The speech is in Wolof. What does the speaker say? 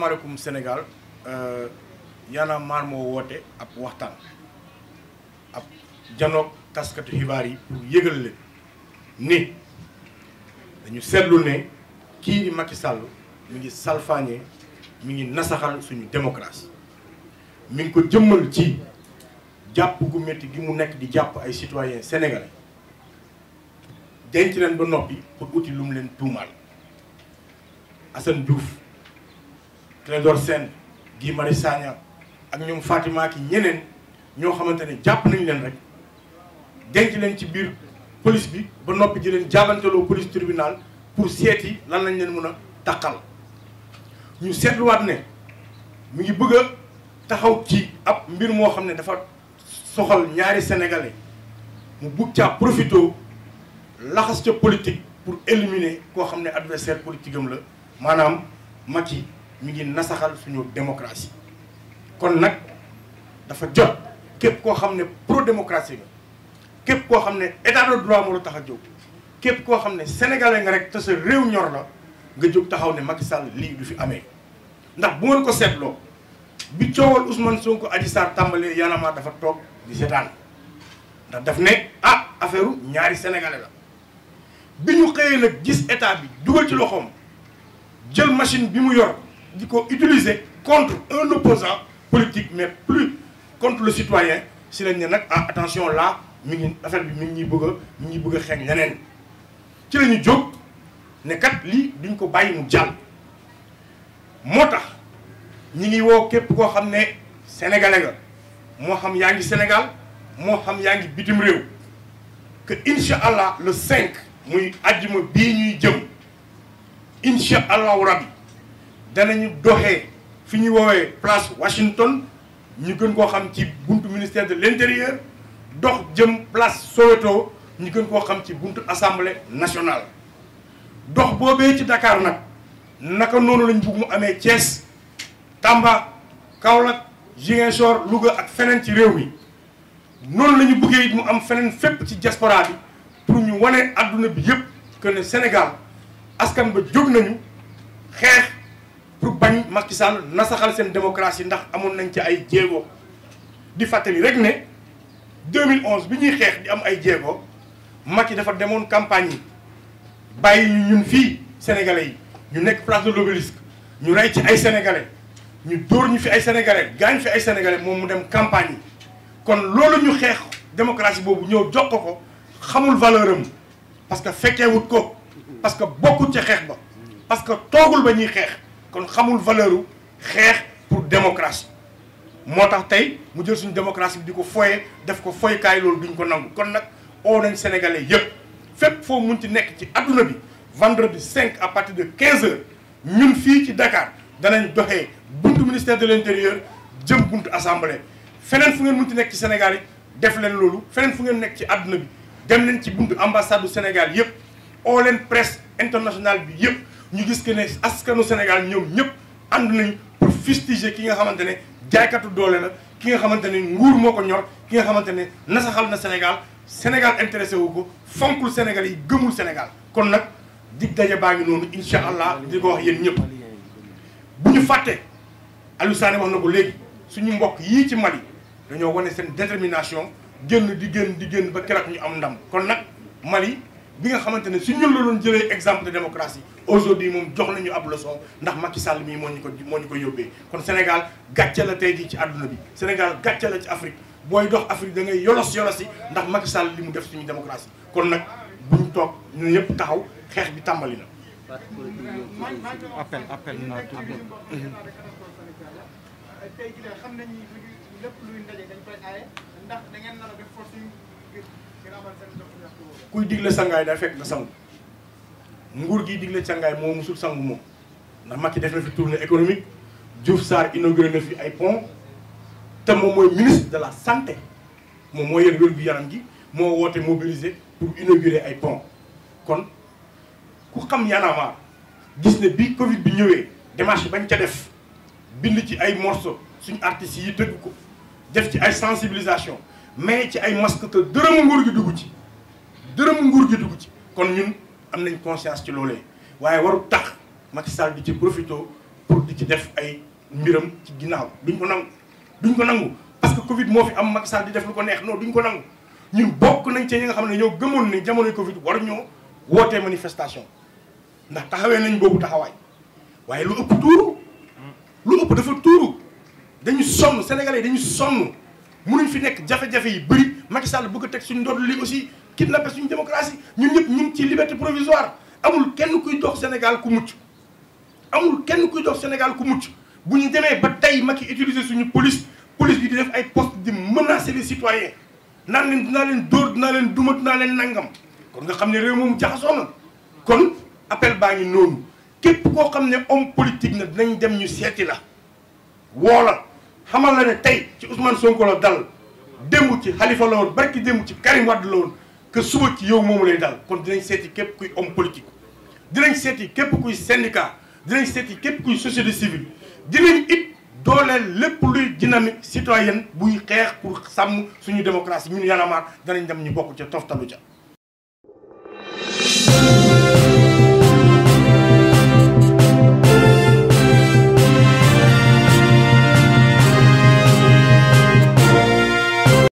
salaamaaleykum Sénégal euh, Y'en a marre moo woote ab waxtaan ab janook taskatu xibaar yi pour yëgal leen ni dañu seetlu ne kii di Macky Sall mi ngi salfaañe mu ngi nasaxal suñu démocratie mi ngi ko jëmmal ci jàpp gu métti gi mu nekk di jàpp ay citoyens sénégalais denc leen ba noppi pour uti lu mu leen tuumaal Assane Diouf Clédor seen Guy Marius Sagna ak ñoom Fatima ki ñeneen ñoo xamante ne jàpp nañu leen rek denc leen ci biir police bi ba noppi di leen jaabanteloo police tribunal pour seeti lan lañ leen mën a taqal ñu seetluwaat ne mu ngi bëgg a taxaw ci ab mbir moo xam ne dafa soxal ñaari sénégalais mu bugg caa profito laxas ca politique pour éliminer koo xam ne adversaire politique am la maanaam yi mi ngi nasaxal suñu démocratie kon nag dafa jot képp koo xam ne pro démocratie nga képp koo xam ne état de droit moo la tax a jóg képp koo xam ne sénégalais nga rek te sa réew ñor la nga jóg taxaw ne Macky Sall lii du fi amee ndax bu ngeen ko seetloo bi coowal Ousmane Sonko Adji Sarr tàmbalee yanama dafa toog di seetaan ndax daf ne ah affaire ñaari sénégalais la bi ñu xëyee nag gis état bi dugal ci loxoom jël machine bi mu yor di ko utiliser contre un opposant politique mais plus contre le citoyen si la ne nag ah attention la mi ngi affaire bi mi ngi ñuy bëgg a mi ngi bëgg a xeeñ leneen ci la ñu jóg ne kat lii duñ ko bàyyi mu jàll moo tax ñi ngi woo képp koo xam ne sénégalais nga moo xam yaa ngi Sénégal moo xam yaa ngi bitim réew que incha allah le cinq muy àjjuma bii ñuy jëm incha allahu rabbi ñu doxee fi ñu woowee place Washington ñu gën koo xam ci buntu ministère de l'intérieur dox jëm place Soweto ñu gën koo xam ci buntu assemblée nationale. dox boobee ci Dakar nag naka noonu lañ bugg mu amee Thiès Tamba Kaolack Ziguinchor Louga ak feneen ci réew mi noonu lañu buggee mu am feneen fépp ci diaspora bi pour ñu wane àdduna bi yëpp que ne Sénégal askan ba jóg nañu xeex. bañ Macky Sall nasaxal seen démocratie ndax amoon nañ ci ay jéego di fàttali rek ne 2011 bi ñuy xeex di am ay jéego Macky dafa demoon campagne yi bàyyi ñu ñun fii sénégalais yi ñu nekk place de l'Obélisque ñu rey ci ay sénégalais ñu dóor ñu fi ay sénégalais gaañ fi ay sénégalais moom mu dem campagne yi kon loolu ñu xeex démocratie boobu ñëw jox ko ko xamul valeur am parce que fekkee wut ko parce que bokkut ca xeex ba parce que toogul ba ñuy xeex kon xamul valeur xeex pour démocratie moo tax tey mu jël suñu démocratie bi di ko foye def ko foykaay loolu duñ ko nangu kon nag oo nañ sénégalais yëpp fépp foo mun ci nekk ci àdduna bi vendredi 5 à partir de quinze heures ñun fii ci Dakar danañ doxee buntu ministère de l' intérieur jëm buntu assemblée feneen fu ngeen mun ci nekk ci Sénégal yi def leen loolu feneen fu ngeen nekk ci àdduna bi dem leen ci bunt ambassade du Sénégal yëpp oo leen presse internationale bi yëpp ñu gis que ne askanu Sénégal ñoom ñëpp ànd nañ pour fustiger ki nga xamante ne jaaykatu doole la ki nga xamante ne nguur moo ko ñor ki nga xamante ne nasaxal na Sénégal Sénégal intéressé wu ko fonkul Sénégal yi gëmul Sénégal kon nag di daje baa ngi noonu incha allah di ko wax yéen ñëpp bu ñu fàtte Aliou Sané wax na ko léegi suñu mbokk yii ci Mali dañoo wane seen détermination génn di génn di génn ba keroog ñu am ndam kon nag Mali bi nga xamante ne su ñun la doon jëlee exemple de démocratie aujourd'hui moom jox nañu la leçon ndax Macky Sall mii moo ñu ko moo ñu ko yóbbee kon Sénégal gàcce la tey jii ci àdduna bi Sénégal gàcce la ci Afrique booy dox Afrique da ngay yolos yolos yi ndax Macky Sall li mu def suñu démocratie kon nag ñu toog ñun ñëpp taxaw xeex bi tàmbali na. appel appel na tey jii xam kuy digle sangaay daa fekk la sangu nguur gi digle sangaay moo musul sangu moom ndax Macky ci na fi tournée économique Diouf Sarr inauguré na fi ay pont te moom mooy ministre de la santé moom moo yor wér gu yaram gi moo woote mobiliser pour inaugurer ay pont kon ku xam Y'en a gis ne bi Covid bi ñëwee démarché bañ ca def bind ci ay morso suñu artistes yi tëgg ko def ci ay sensibilisation mais ci ay masque te dërëmu nguur gi dugg ci dërëmu nguur gi dugg ci kon ñun am nañ conscience ci loolee waaye waru tax Macky Sall di ci profité pour di ci def ay mbiram ci ginnaaw duñ ko nangu duñ ko nangu parce que Covid moo fi am Macky Sall di def lu ko neex non duñ ko nangu ñun bokk nañ ci ñi nga xam ne ñoo gëmoon ne jamonoy Covid war ñoo wootee manifestation ndax taxawee nañ boobu taxawaay waaye lu ëpp tuuru lu ëpp dafa tuuru dañu sonn sénégalais dañu sonn mënuñ fi nekk jafe-jafe yi bëri Macky Sall bëgg a teg suñu ndodd lii aussi ki kidnappé suñu démocratie ñun ñëpp ñu ngi ci liberté provisoire amul kenn kuy dox Sénégal ku mucc amul kenn kuy dox Sénégal ku mucc bu ñu demee ba tey ma Macky utiliser suñu police police bi di def ay poste di menacer les citoyens naan leen dinaa leen dóor dinaa leen duma dinaa leen nangam kon nga xam ne réew moom jaxasoo na kon appel baa ngi noonu képp koo xam ne homme politique na dinañ dem ñu seeti la woo la xamal la ne tey ci Ousmane Sonko la dal démb ci Khalifa la woon barki démb ci Karim Wade la woon que suba ci yow moomu lay dal kon dinañ seeti képp kuy homme politique. dinañ seeti képp kuy syndicat dinañ seeti képp kuy société civile dinañ it dooleel lépp luy dynamique citoyenne buy xeex pour sàmm suñu démocratie ñun Y'en a marre danañ dem ñu bokk ca toftalu ca.